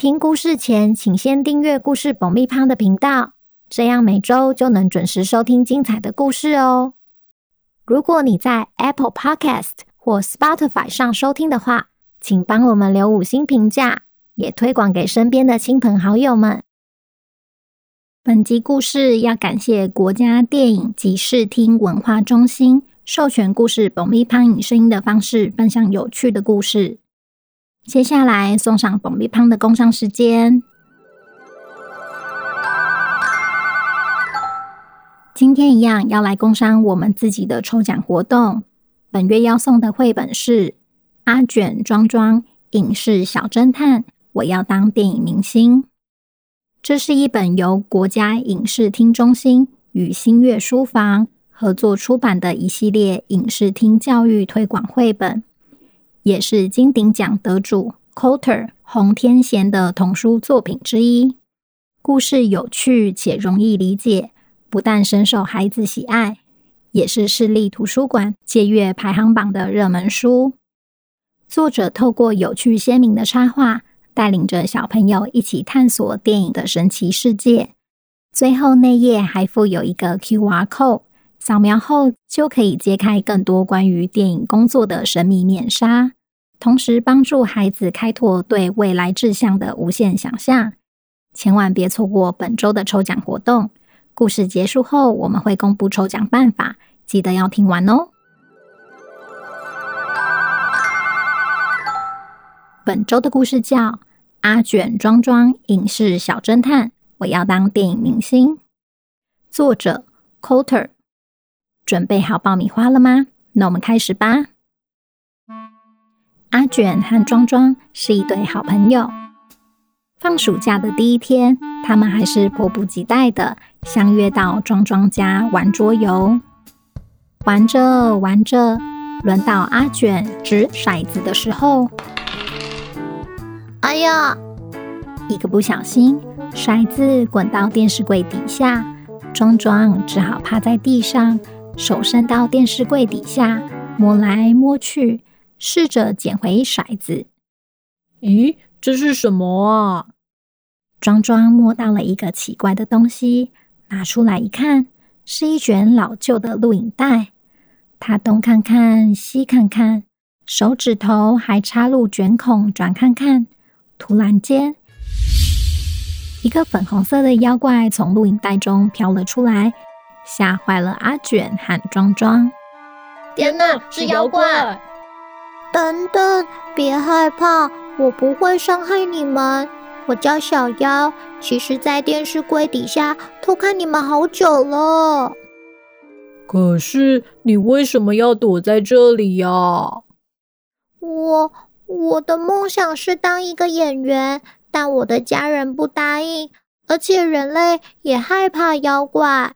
聽故事前，請先訂閱故事爆米花的頻道，這樣每周就能準時收聽精彩的故事哦。如果你在 Apple Podcast 或 Spotify 上收聽的話，請幫我們留五星評價，也推廣給身邊的親朋好友們。本集故事要感謝國家電影及視聽文化中心授權，故事爆米花以聲音的方式分享有趣的故事。接下來送上爆米芳的工商時間，今天一樣要來工商我們自己的抽獎活動。本月要送的繪本是《阿卷莊莊影視聽小偵探》，我要當電影明星。這是一本由國家影視聽中心與星月書房合作出版的一系列影視聽教育推廣繪本。也是金鼎獎得主 Croter 洪添賢的童書作品之一，故事有趣且容易理解，不但深受孩子喜愛，也是市立圖書館借閱排行榜的熱門書。作者透過有趣鮮明的插畫，帶領着小朋友一起探索電影的神奇世界。最後內頁還附有一個 QR code。掃描後就可以揭開更多關於電影工作的神秘面紗，同時幫助孩子開拓對未來志向的無限想象。千萬別錯過本周的抽獎活動！故事結束後，我們會公布抽獎辦法，記得要聽完哦。本周的故事叫《阿卷莊莊影視小偵探》，我要當電影明星。作者：Croter。準備好爆米花了嗎？那我們開始吧。阿卷和莊莊是一對好朋友。放暑假的第一天，他們還是迫不及待地相約到莊莊家玩桌遊。玩着玩着，輪到阿卷擲骰子的時候，哎呀，一個不小心，骰子滾到電視櫃底下，莊莊只好趴在地上。手伸到電視櫃底下摸來摸去，試着撿回骰子。咦，這是什麼啊？莊莊摸到了一個奇怪的東西，拿出來一看，是一卷老舊的錄影帶。他東看看，西看看，手指頭還插入卷孔轉看看。突然間，一個粉紅色的妖怪從錄影帶中飄了出來。嚇壞了阿卷和莊莊！天哪，是妖怪！等等，別害怕，我不會傷害你們。我叫小妖，其實，在電視櫃底下偷看你們好久了。可是，你為什麼要躲在這裡呀？我我的夢想是當一個演員，但我的家人不答應，而且人類也害怕妖怪。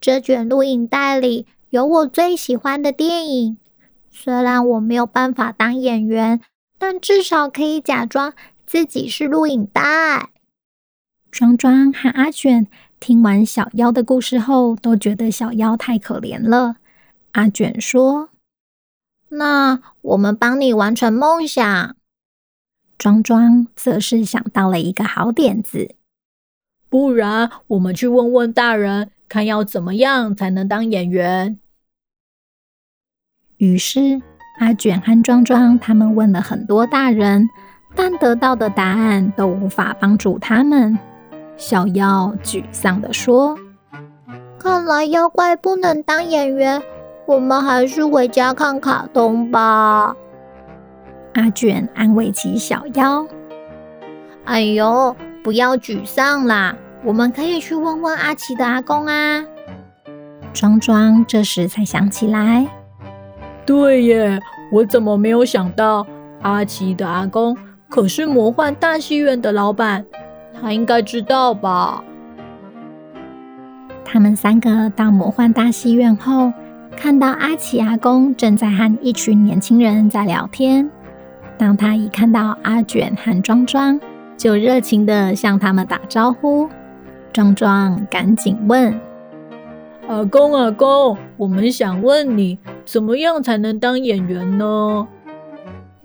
這卷錄影帶裡有我最喜歡的電影。雖然我沒有辦法當演員，但至少可以假裝自己是錄影帶。莊莊和阿卷聽完小妖的故事後，都覺得小妖太可憐了。阿卷說：“那我們幫你完成夢想。”莊莊則是想到了一個好點子：“不然我們去問問大人。”看要怎麼樣才能當演員？於是阿卷和莊莊他們問了很多大人，但得到的答案都無法幫助他們。小妖沮喪地說：“看來妖怪不能當演員，我們還是回家看卡通吧。”阿卷安慰起小妖：“哎呦，不要沮喪啦！”我們可以去問問阿奇的阿公啊！”莊莊這時才想起來，對耶，我怎麼沒有想到？阿奇的阿公可是魔幻大戲院的老板，他應該知道吧？他們三個到魔幻大戲院後，看到阿奇阿公正在和一群年輕人在聊天。當他一看到阿卷和莊莊，就熱情地向他們打招呼。壯壯趕緊問：“阿公，阿公，我們想問你，怎麼樣才能當演員呢？”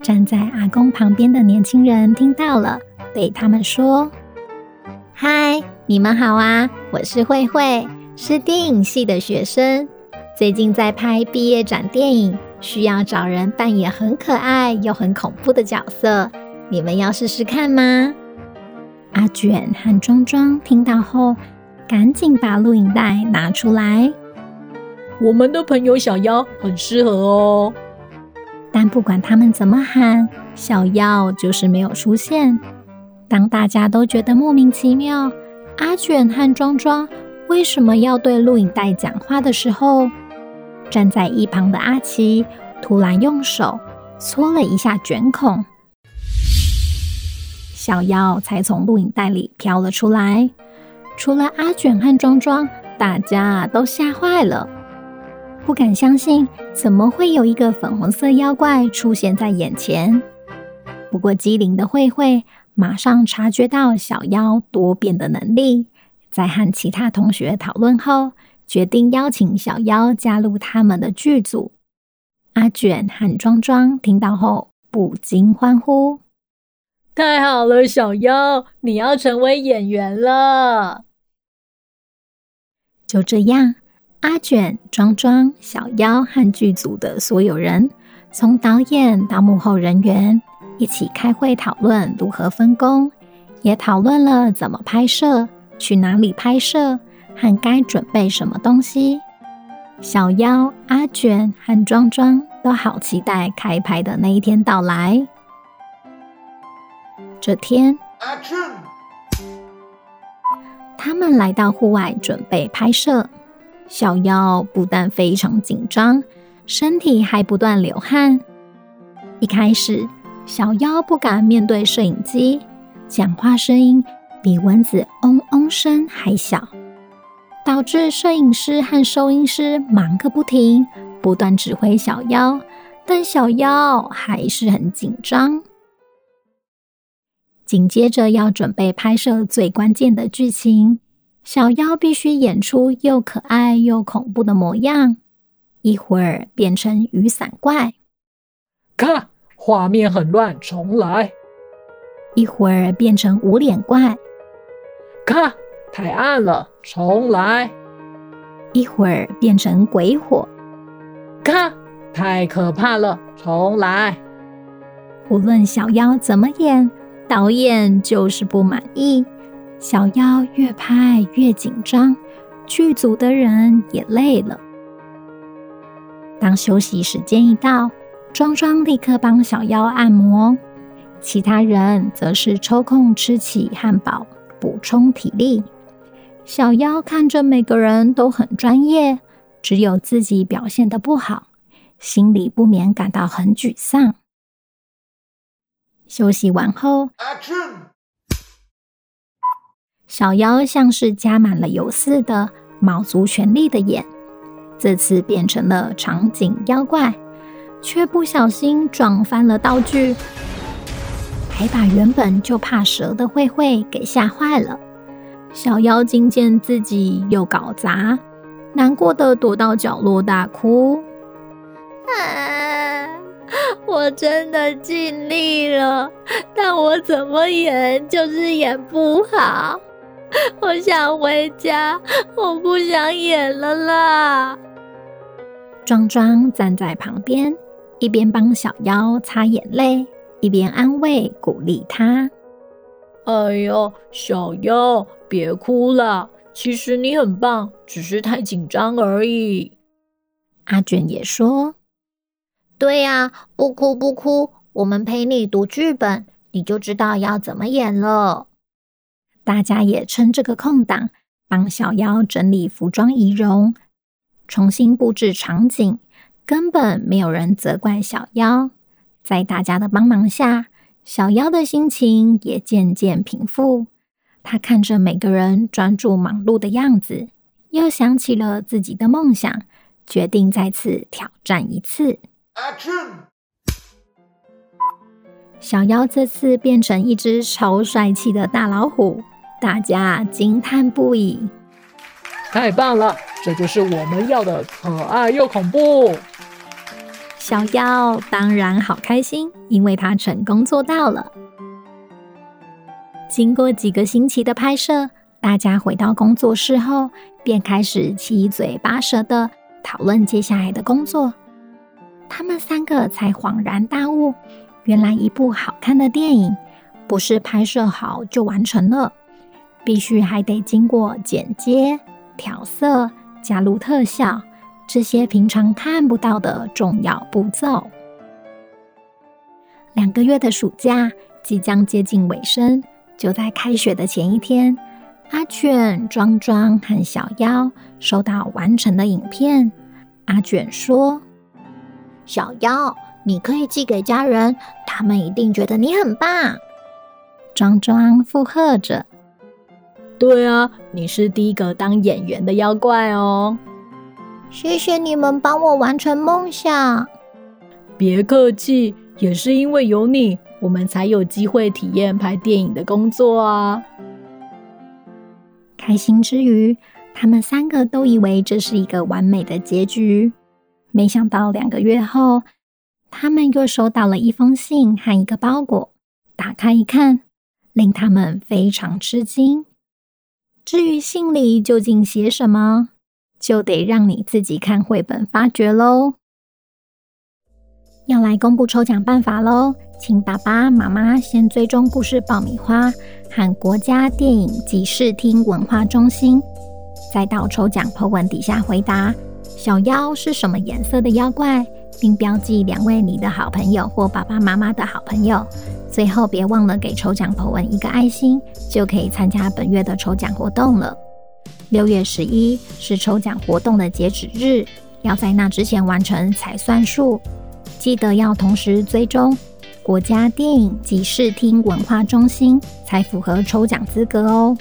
站在阿公旁邊的年輕人聽到了，對他們說：“嗨，你們好啊，我是慧慧，是電影系的學生，最近在拍畢業展電影，需要找人扮演很可愛又很恐怖的角色，你們要試試看嗎？”阿卷和莊莊聽到後，趕緊把錄影帶拿出來，我們的朋友小妖很適合哦。但不管他們怎麼喊，小妖就是沒有出現。當大家都覺得莫名其妙，阿卷和莊莊為什麼要對錄影帶講話的時候，站在一旁的阿奇突然用手搓了一下卷孔。小妖才從錄影帶裡飄了出來，除了阿卷和莊莊，大家都嚇壞了，不敢相信怎麼會有一個粉紅色妖怪出現在眼前。不過機靈的慧慧馬上察覺到小妖多變的能力，在和其他同學討論後，決定邀請小妖加入他們的劇組。阿卷和莊莊聽到後不禁歡呼。太好了，小妖，你要成為演員了。就這樣，阿卷、莊莊、小妖和劇組的所有人，從導演到幕後人員，一起開會討論如何分工，也討論了怎麼拍攝、去哪裡拍攝和該準備什麼東西。小妖、阿卷和莊莊都好期待開拍的那一天到來。這天，他們來到戶外準備拍攝。小夭不但非常緊張，身體還不斷流汗。一開始，小夭不敢面對攝影機，講話聲音比蚊子嗡嗡聲還小，導致攝影師和收音師忙個不停，不斷指揮小夭。但小夭還是很緊張。緊接着要準備拍攝最關鍵的劇情，小妖必須演出又可愛又恐怖的模樣。一會兒變成雨傘怪，卡，畫面很亂，重來。一會兒變成無臉怪，卡，太暗了，重來。一會兒變成鬼火，卡，太可怕了，重來。無論小妖怎麼演。導演就是不滿意，小妖越拍越緊張，劇組的人也累了。當休息時間一到，莊莊立刻幫小妖按摩，其他人則是抽空吃起漢堡，補充體力。小妖看着每個人都很專業，只有自己表現得不好，心裡不免感到很沮喪。休息完後，Action！小妖像是加滿了油似的，卯足全力的演。這次變成了長頸妖怪，卻不小心撞翻了道具，還把原本就怕蛇的慧慧給嚇壞了。小妖精見自己又搞砸，難過的躲到角落大哭。啊我真的盡力了，但我怎麼演就是演不好。我想回家，我不想演了啦。莊莊站在旁邊，一邊幫小妖擦眼淚，一邊安慰鼓勵他：“哎呦，小妖，別哭了，其實你很棒，只是太緊張而已。”阿卷也說。對呀，不哭不哭，我們陪你讀劇本，你就知道要怎麼演了。大家也趁這個空檔幫小妖整理服裝儀容，重新布置場景，根本沒有人責怪小妖。在大家的幫忙下，小妖的心情也漸漸平復。他看着每個人專注忙碌的樣子，又想起了自己的夢想，決定再次挑戰一次。Action！小妖這次變成一隻超帥氣的大老虎，大家驚嘆不已。太棒了，這就是我們要的可愛又恐怖。小妖當然好開心，因為他成功做到了。經過幾個星期的拍攝，大家回到工作室後，便開始七嘴八舌的討論接下來的工作。他們三個才恍然大悟，原來一部好看的電影不是拍攝好就完成了，必須還得經過剪接、調色、加入特效這些平常看不到的重要步驟。兩個月的暑假即將接近尾聲，就在開學的前一天，阿卷、莊莊和小夭收到完成的影片。阿卷說。小妖，你可以寄給家人，他們一定覺得你很棒。莊莊附和着：“對啊，你是第一個當演員的妖怪哦。”謝謝你們幫我完成夢想。別客氣，也是因為有你，我們才有機會體驗拍電影的工作啊。開心之餘，他們三個都以為這是一個完美的結局。沒想到兩個月後，他們又收到了一封信和一個包裹。打開一看，令他們非常吃驚。至於信裡究竟寫什麼，就得讓你自己看繪本發掘嘍。要來公布抽獎辦法嘍，請爸爸媽媽先追蹤故事爆米花和國家電影及視聽文化中心，再到抽獎 po 文底下回答。小妖是什麼顏色的妖怪？並標記兩位你的好朋友或爸爸媽媽的好朋友。最後別忘了給抽獎貼文一個愛心，就可以參加本月的抽獎活動了。六月十一是抽獎活動的截止日，要在那之前完成才算數。記得要同時追蹤國家電影及視聽文化中心，才符合抽獎資格哦。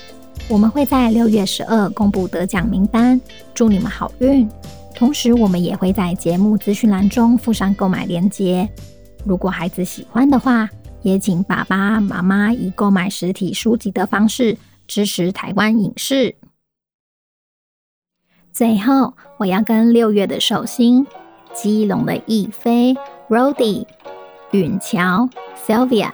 我們會在六月十二公布得獎名單，祝你們好運！同時，我們也會在節目資訊欄中附上購買鏈接。如果孩子喜歡的話，也請爸爸媽媽以購買實體書籍的方式支持台灣影視。最後，我要跟六月的壽星、基隆的逸飛、Rody、允喬、Sylvia、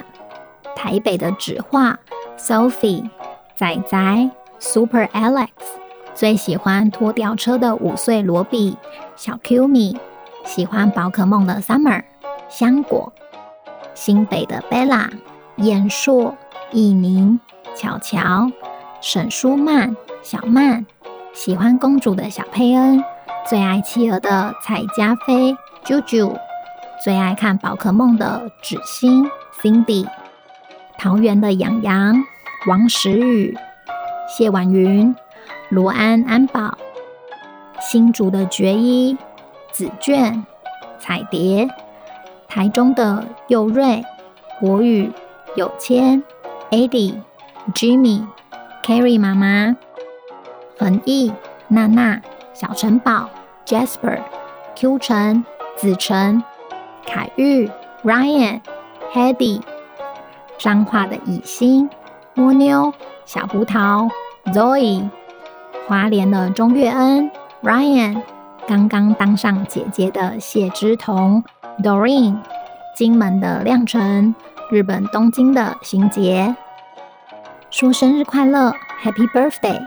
台北的紙畫、Sophie、仔仔、Super Alex。最喜歡拖吊車的五歲羅比，小 Q 米喜歡寶可夢的 Summer 香果，新北的 Bella 燕碩藝寧巧巧沈舒曼小曼喜歡公主的小佩恩最愛企鵝的蔡嘉飛 JoJo 最愛看寶可夢的芷欣 Cindy 桃園的楊洋，王時宇謝婉雲。羅安、安保、新竹的絕一、子卷、彩蝶、台中的佑瑞、國語、有謙、Adi、Jimmy、Carrie 媽媽、恆毅、娜娜、小城堡、Jasper、Q 陳、子晨、凱玉、Ryan、Hedy、彰化的乙心、摸妞、小葡萄、Zoe。花蓮的鍾月恩、Ryan，剛剛當上姐姐的謝之彤、Doreen，金門的亮辰，日本東京的辛杰，說生日快樂，Happy Birthday！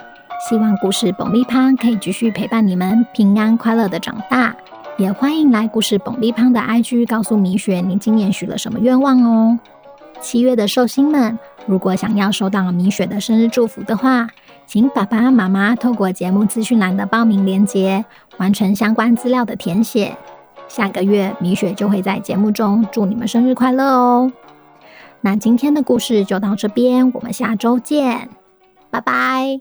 希望故事爆米花可以繼續陪伴你們平安快樂的長大。也歡迎來故事爆米花的 IG，告訴米雪你今年許了什麼願望哦。七月的壽星們，如果想要收到米雪的生日祝福的話，請爸爸媽媽透過節目資訊欄的報名鏈接，完成相關資料的填寫。下個月米雪就會在節目中祝你們生日快樂哦。那今天的故事就到這邊，我們下周見，拜拜。